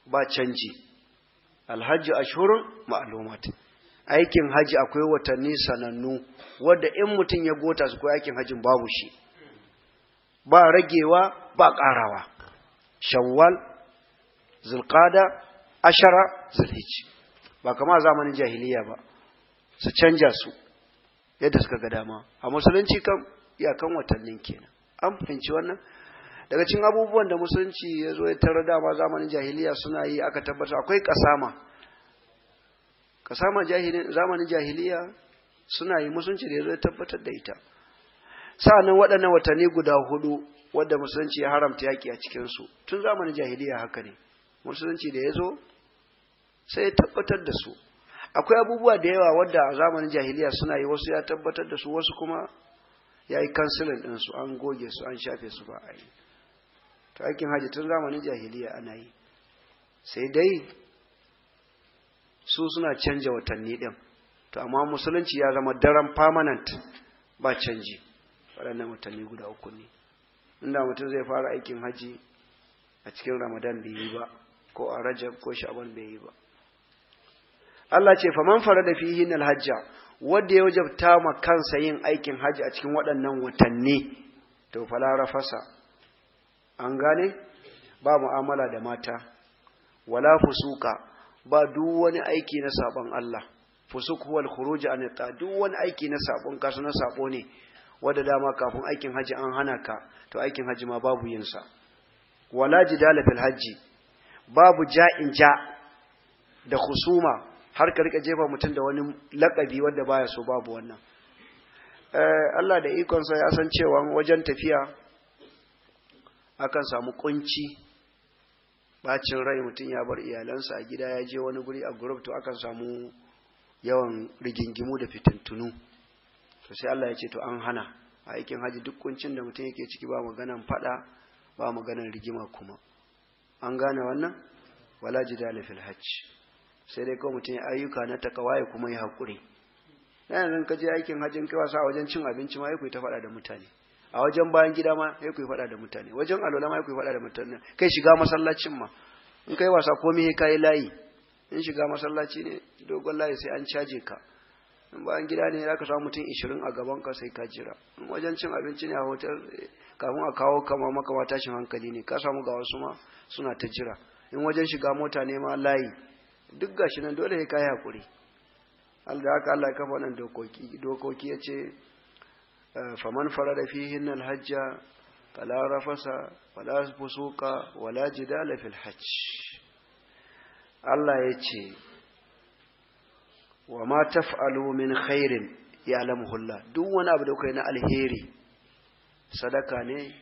ba canji alhaji ashurun maalumat aikin haji akwai watanni sanannu wanda in mutum ya gota su ko aikin hajin babu shi ba ragewa ba ƙarawa shawwal zulqada ashara zulhijji ba kama zamanin jahiliya ba su canja su yadda suka ga dama a musulunci kan iyakan watannin kenan an fahimci wannan daga cikin abubuwan da musulunci ya zo ya tarar dama zamanin jahiliya suna yi aka tabbata akwai kasama kasama zamanin jahiliya suna yi musulunci da ya zo ya tabbatar da ita sa'annan waɗannan watanni guda hudu wadda musulunci ya haramta yaƙi a cikinsu tun zamanin jahiliya haka ne musulunci da ya zo sai ya tabbatar da su akwai abubuwa da yawa wadda a zamanin jahiliya suna yi wasu ya tabbatar da su wasu kuma ya yi kansilin ɗinsu an goge su an shafe su ba a yi ta aikin haji tun zamanin jahiliya ana yi sai dai su suna canja watanni ɗin to amma musulunci ya zama daren permanent ba canji waɗannan watanni guda uku ne inda mutum zai fara aikin haji a cikin ramadan bai yi ba ko a rajab ko sha'ban bai yi ba Allah ce faman fara da fihi hajja wanda ya wajabta ma kansa yin aikin haji a cikin waɗannan watanni to fala rafasa an gane ba mu'amala da mata wala fusuka ba duk wani aiki na sabon Allah fusuk huwal khuruj an ta duk wani aiki na sabon kasu na sabo ne wanda dama kafin aikin haji an hana ka to aikin haji ma babu yin sa wala jidala fil haji babu ja'in ja da khusuma har ka rika jefa mutum da wani lakabi wanda baya so babu wannan eh, Allah da ikonsa ya san cewa wajen tafiya akan samu kunci bacin rai mutum ya bar iyalansa a gida ya je wani guri a group to akan samu yawan rigingimu da fitintunu to sai Allah ya ce to an hana a aikin haji duk kuncin da mutum yake ciki ba maganan fada ba maganan rigima kuma an gane wannan wala jidal fil hajj sai dai kawai mutum ya ayyuka na takawa ya kuma ya hakuri na yanzu ka je aikin hajjin kai wasa wajen cin abinci ma ya ta faɗa da mutane a wajen bayan gida ma ya kuyi faɗa da mutane wajen alola ma ya kuyi faɗa da mutane kai shiga masallacin ma in kai wasa komi ka yi layi in shiga masallaci ne dogon layi sai an caje ka in bayan gida ne zaka samu mutum 20 a gaban ka sai ka jira in wajen cin abinci ne a hotel eh, kafin a kawo kama maka ma tashin hankali ne ka samu ga wasu ma suna ta jira in wajen shiga mota ne ma layi duk gashi nan dole ya ka yi hakuri Allah haka Allah ya kafa wannan dokoki dokoki ya ce faman farada fihin alhajja fala rafasa fala fusuka wala jidala fil hajj Allah ya ce wa ma taf'alu min khairin ya'lamuhu Allah duk wani abu da kai na alheri sadaka ne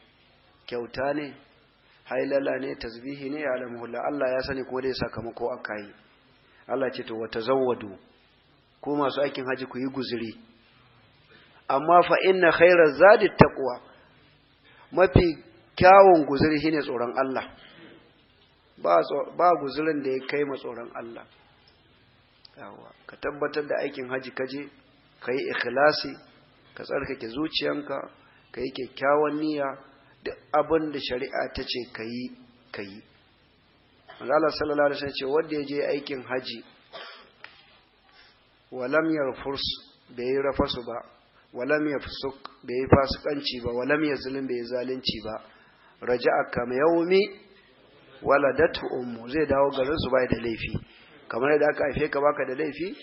kyauta ne hailala ne tasbihi ne ya'lamuhu Allah Allah ya sani ko dai sakamako akai Allah ce to wa tazawwadu ko masu aikin hajji ku yi guzuri amma fa inna khairar zadi taqwa mafi kyawun guzuri shine tsoron Allah ba guzurin da ya kai ma tsoron Allah ka tabbatar da aikin haji kaje ka yi ikhlasi ka tsarkake zuciyanka ka yi kyakkyawan niyya duk abin da shari'a ta ce ka yi ka yi Allah sallallahu alaihi wasallam ce wanda ya je aikin haji walam yarfurs bai yi rafasu ba walam ya fusuk bai yi fasikanci ba walam ya bai yi zalunci ba raja'a kama yawmi waladatu ummu zai dawo garin su bai da laifi kamar yadda aka haife ka baka da laifi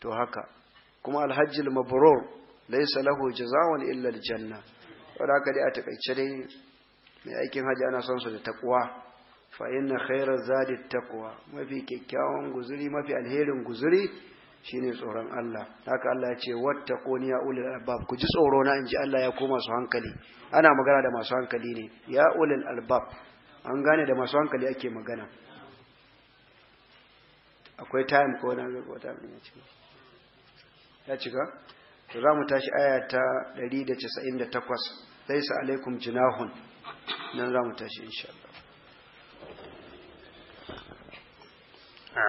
to haka kuma alhajjil mabrur laysa lahu jazaa'un illa aljanna wanda haka dai a takaice dai mai aikin haji ana son su da takwa fa inna khayra zadi taqwa mafi kyakkyawan guzuri mafi alherin guzuri shine tsoron Allah haka Allah ya ce wattaquni ya ulil albab ku ji tsoro na inji Allah ya koma su hankali ana magana da masu hankali ne ya ulil albab an gane da masu hankali ake magana akwai time ko na zai kota ya cika ya cika to za mu tashi aya ta 198 sa alaikum jinahun nan za mu tashi insha Allah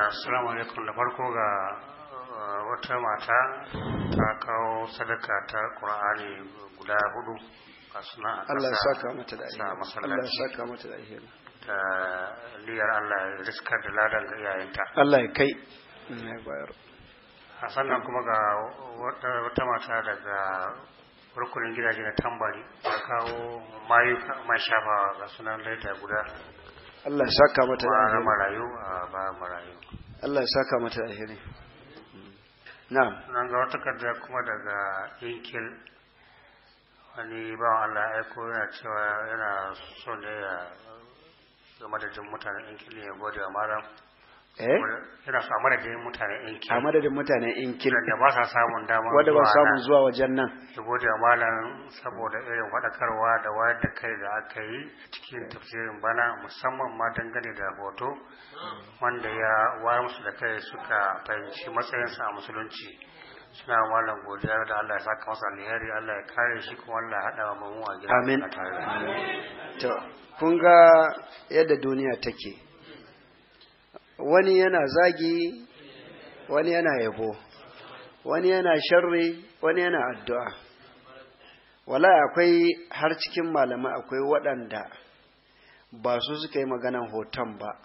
Assalamu alaikum da farko ga Uh, wata mata ta kawo sadaka ta ƙur'ani guda hudu a suna Allah ya Allah ya saka mata da alheri ta liyar Allah ya riskar da ladan ga iyayenta Allah ya kai a sannan kuma ga wata mata daga rukunin gidaje na tambari ta kawo mayuka mai shafa ga sunan laita guda Allah ya saka mata da alheri Allah ya saka mata da alheri nan ga wata kadda kuma daga yankil wani bawan Allah ya aiko yana cewa yana son ne ya game da jin mutanen ne ya gode maram. eh yana a madadin mutane in a da ba sa samun dama wanda ba samun zuwa wajen nan ya gode wa malam saboda irin faɗakarwa da wayar da kai da aka yi cikin tafsirin bana musamman ma dangane da hoto wanda ya wayar musu da kai suka fahimci matsayinsa a musulunci suna malam godiya da Allah ya saka masa alheri Allah ya kare shi kuma Allah ya hada wa mamuwa a gida amin to kun ga yadda duniya take wani yana zagi wani yana yabo wani yana sharri wani yana addu'a wala akwai har cikin malamai akwai waɗanda ba su suka yi maganan hoton ba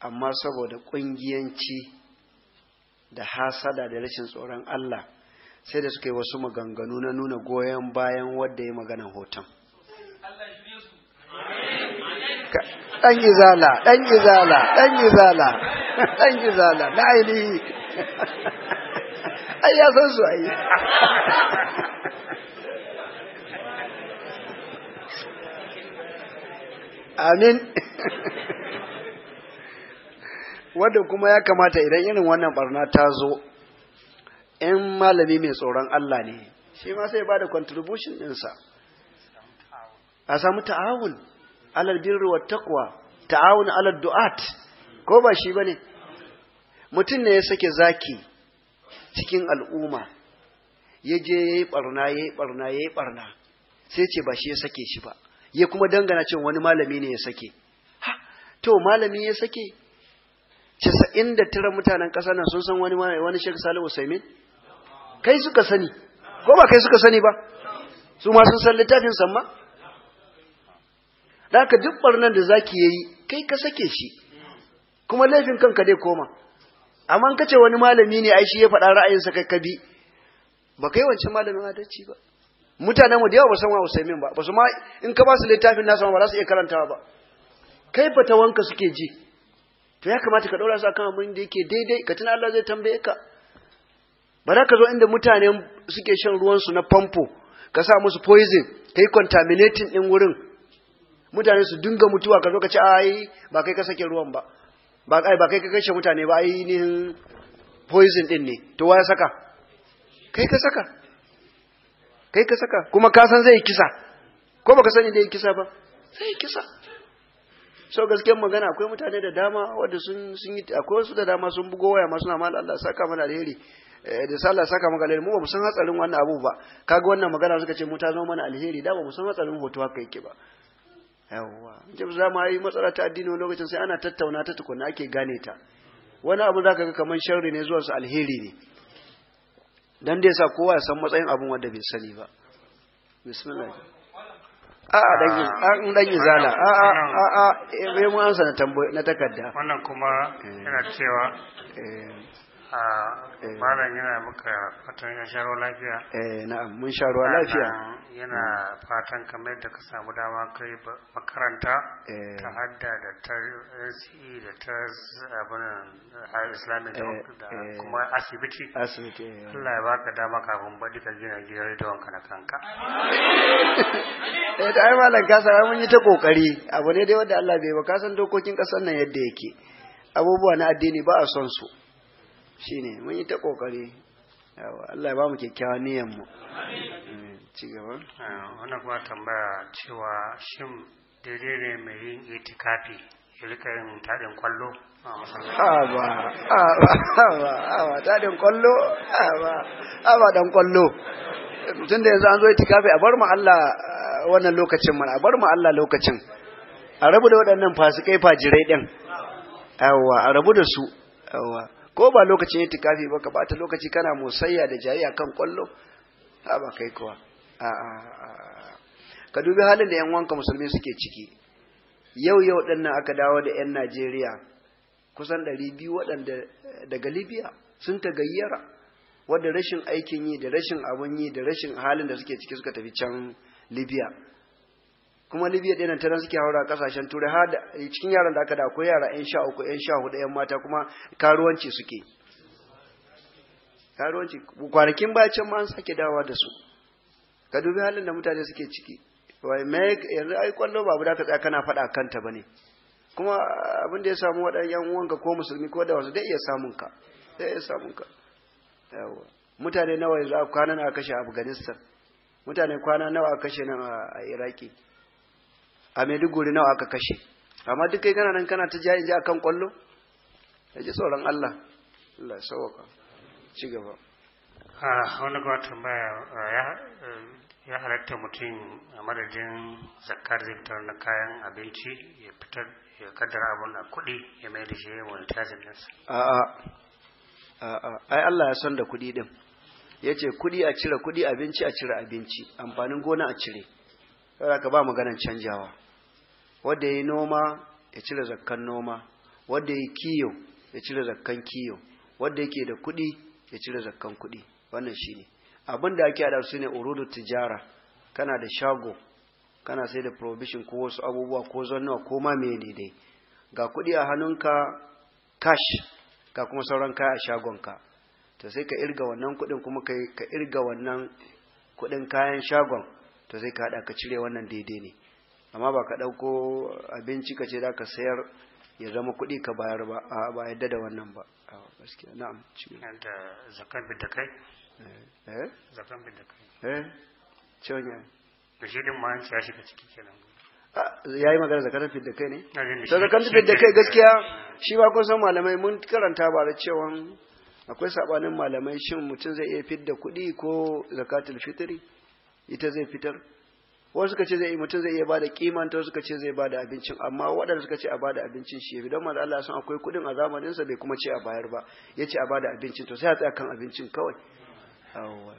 amma saboda ƙungiyanci da hasada da rashin tsoron Allah sai da suka yi wasu maganganu na nuna goyon bayan wadda ya maganan hoton ɗan izala ɗan izala ɗan izala ɗan izala na ainihi ai ya san su ai amin wadda kuma ya kamata idan irin wannan barna ta zo in malami mai tsoron Allah ne shi ma sai ba da contribution ɗinsa a samu ta'awun alal birri wa taqwa ta'awun alal du'at ko ba shi bane mutum ne ya sake zaki cikin al'umma ya je yayi barna yayi barna yayi barna sai ce ba shi ya sake shi ba ya kuma dangana cewa wani malami ne ya sake ha to malami ya sake casa'in da tara mutanen ƙasa nan sun san wani wani Sheikh Salihu Usaimin kai suka sani ko ba kai suka sani ba su ma sun san littafin samma da haka duk barnan da zaki yayi kai ka sake shi kuma laifin kanka dai koma amma ka ce wani malami ne ai shi ya faɗa ra'ayinsa kai ka bi ba kai wancan malamin adalci ba mutanen mu da yawa ba san wa Usaimin ba ba su ma in ka ba su littafin nasa ba za su iya karantawa ba kai wanka suke ji to ya kamata ka daura su akan abin da yake daidai ka tuna Allah zai tambaye ka ba za ka zo inda mutane suke shan ruwansu na famfo ka sa musu poison ka yi contaminating ɗin wurin mutane su dinga mutuwa ka zo ka ce ai ba kai ka sake ruwan ba ba kai ba kai ka kashe mutane ba ainihin poison din ne to waya saka kai ka saka kai ka saka kuma ka san zai kisa ko baka sani zai kisa ba zai kisa so gaskiyar magana akwai mutane da dama wanda sun sun yi akwai wasu da dama sun bugo waya ma suna mal Allah saka mana alheri eh, da sallah saka maka alheri mu ba mu san hatsarin wannan abu ba kaga wannan magana suka ce mu ta zama mana alheri da ba mu san hatsarin hoto haka yake ba yawwa ce za mu yi matsala ta addini wani lokacin sai ana tattauna ta tukuna ake gane ta wani abu zaka ga kamar sharri ne zuwa su alheri ne dan da yasa kowa ya san matsayin abun wanda bai sani ba bismillah a a yi an dan izala a a a a bai eh, mu ansa na tambaye na takarda wannan kuma eh. yana cewa eh. Ah, eh. malam yana maka fatan ya sharo lafiya eh na'am mun sharo lafiya yana fatan kamar da ka samu dama kai makaranta eh. ta hadda da ta NCE da ta abin islamic eh, da kuma asibiti asibiti Allah ya baka dama kafin baɗi ka gina gidan rediyon ka na kanka eh da ai malam ka mun yi ta kokari abu ne dai wanda Allah bai ba ka san dokokin kasar nan yadda yake abubuwa na addini ba a son su shine mun yi ta kokari yawa Allah ya ba mu kyakkyawa niyyar mu ci gaba eh, wannan kuma tambaya cewa shin daidai ne mai yin itikafi ya rika yin tadin kwallo a ba tadin kwallo a ba dan kwallo mutum da yanzu an zo itikafi a bar mu Allah eh, wannan lokacin mana a bar mu Allah lokacin a rabu da waɗannan fasikai fajirai din yawwa a rabu da su yawwa. ko ba lokacin itikafi ba ka bata lokaci kana musayya da jayayya kan kwallo a ba kai kuwa ka dubi halin da yan wanka musulmi suke ciki yau yau ɗannan nan aka dawo da yan Najeriya kusan 200 waɗanda eh, daga Libya sun ta gayyara wadda rashin aikin yi da rashin abun yi da rashin halin da suke ciki suka tafi can Libya kuma libya ɗin ta suke haura a kasashen turai har eh, cikin yaran da aka da akwai yara yan sha uku yan sha hudu yan mata kuma karuwanci suke karuwanci kwanakin baya can ma an sake dawowa da su ka dubi halin da mutane suke ciki wai me yanzu ai kwallo ba da ka tsaya kana faɗa kanta ba ne. kuma abin da ya samu waɗannan yan uwanka ko musulmi ko da wasu dai iya samun ka dai iya samun ka yawa mutane nawa yanzu a kwanan a kashe Afghanistan mutane kwana nawa a kashe nan a Iraki a Maiduguri nawa aka kashe amma duk kai kana nan kana ta jayin ji akan kwallo ya ji tsoron Allah Allah ya sauwaka ci gaba a wani kuma tambaya ya halatta mutum a madadin zakar zai fitar na kayan abinci ya fitar ya kaddara abun a kuɗi ya mai da shi ya wani tajin a a'a ai Allah ya san da kuɗi din ya ce kuɗi a cire kuɗi abinci a cire abinci amfanin gona a cire saboda ka ba maganan canjawa wanda ya yi noma ya cire zakkan noma wanda ya kiyo ya cire zakkan kiyo wanda yake da kuɗi ya cire zakkan kuɗi wannan shine abin da ake haɗa su ne urudu tijara kana da shago kana sai da provision ko wasu abubuwa ko zannuwa ko ma mene dai ga kuɗi a hannunka cash ga kuma sauran kaya a shagonka to sai ka irga wannan kuɗin kuma ka irga wannan kuɗin kayan shagon to sai ka haɗa ka cire wannan daidai ne amma ba ka ɗauko abinci ka ce za ka sayar ya zama kuɗi ka bayar ba a ba yadda da wannan ba a gaskiya na'am cikin da zakan bin da kai eh, eh? zakan bin da kai eh cewa da shi din ma an tsaya shi ciki kenan ah, ya yi magana zakar fit da kai ne? ta zakar fit da kai gaskiya shi ba kun san malamai mun karanta ba da cewa akwai sabanin malamai shin mutum zai iya fit da kuɗi ko zakatul fitri ita zai fitar wasu suka ce zai mutum zai iya bada kimanta wasu suka ce zai bada abincin amma waɗanda suka ce a bada abincin shi yafi don manzo Allah san akwai kuɗin a zamanin sa bai kuma ce a bayar ba yace a bada abincin to sai a tsaya kan abincin kawai awwa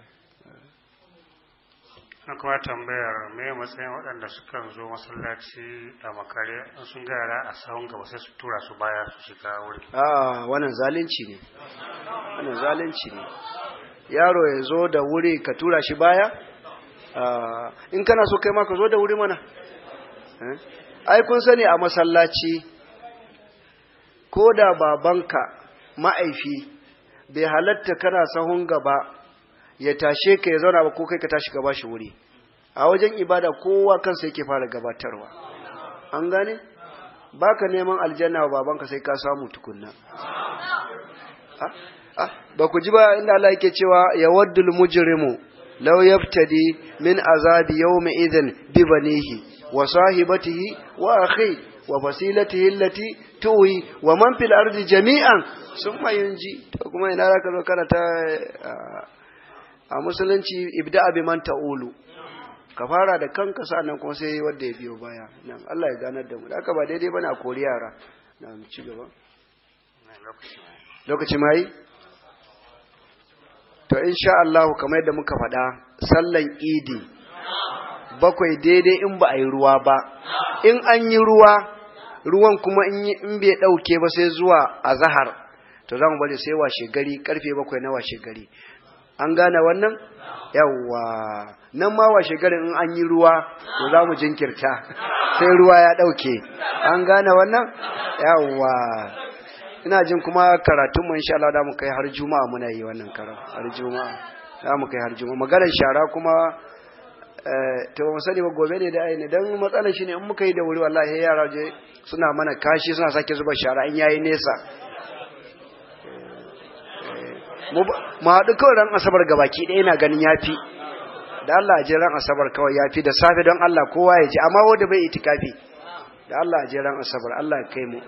na kuma tambayar me matsayin waɗanda sukan zo masallaci a makare in sun gara a sahun gaba sai su tura su baya su shiga wuri a wannan zalunci ne wannan zalunci ne yaro ya zo da wuri ka tura shi baya Ah, in kana so kai ma zo da wuri mana eh? ai kun sani a masallaci ko da babanka ma'aifi bai halatta kana sahun gaba ya tashe ka ya zauna ba ko kai ka tashi gaba shi wuri a wajen ibada kowa kansa yake fara gabatarwa an gane ba ka neman aljanna wa babanka sai ka samu tukunna ah, ah, ba ku ji ba inda Allah yake cewa waddul mujrimu law yaftadi min azabi yawmi idhin bi banihi wa sahibatihi wa akhi wa fasilatihi allati tuwi wa man fil ardi jami'an summa yunji to kuma ina zaka zo kana ta a musulunci ibda'a bi man ta'ulu ka fara da kanka sa'annan kuma sai wanda ya biyo baya nan Allah ya ganar da mu da haka ba daidai bane a kori yara na ci gaba lokaci mai to in sha Allah kamar yadda muka faɗa sallan idi bakwai daidai in ba a yi ruwa ba in an yi ruwa ruwan kuma in bai ɗauke ba sai zuwa a zahar to za mu bari sai washe gari karfe bakwai na washe gari an gane wannan yawwa nan ma washe gari in an yi ruwa to za mu jinkirta sai ruwa ya ɗauke an gane wannan yawwa ina jin kuma karatun mu insha Allah da mu kai har juma'a muna yi wannan karam har juma'a da mu kai har juma'a maganar shara kuma eh, to mu sani ba gobe ne da ne dan matsala shi ne in muka yi da wuri wallahi yara je suna mana kashi suna sake zuba shara in yayi nesa eh, eh, mu haɗu kawai ran asabar gabaki ɗaya ina ganin yafi da Allah je ran asabar kawai yafi da safe don Allah kowa ya ji amma wanda bai itikafi da Allah je ran asabar Allah ya kai mu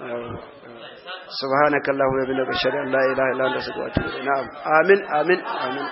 subhanakallahumma wa bihamdika ashhadu an la ilaha illa anta astaghfiruka wa atubu ilaik amin amin amin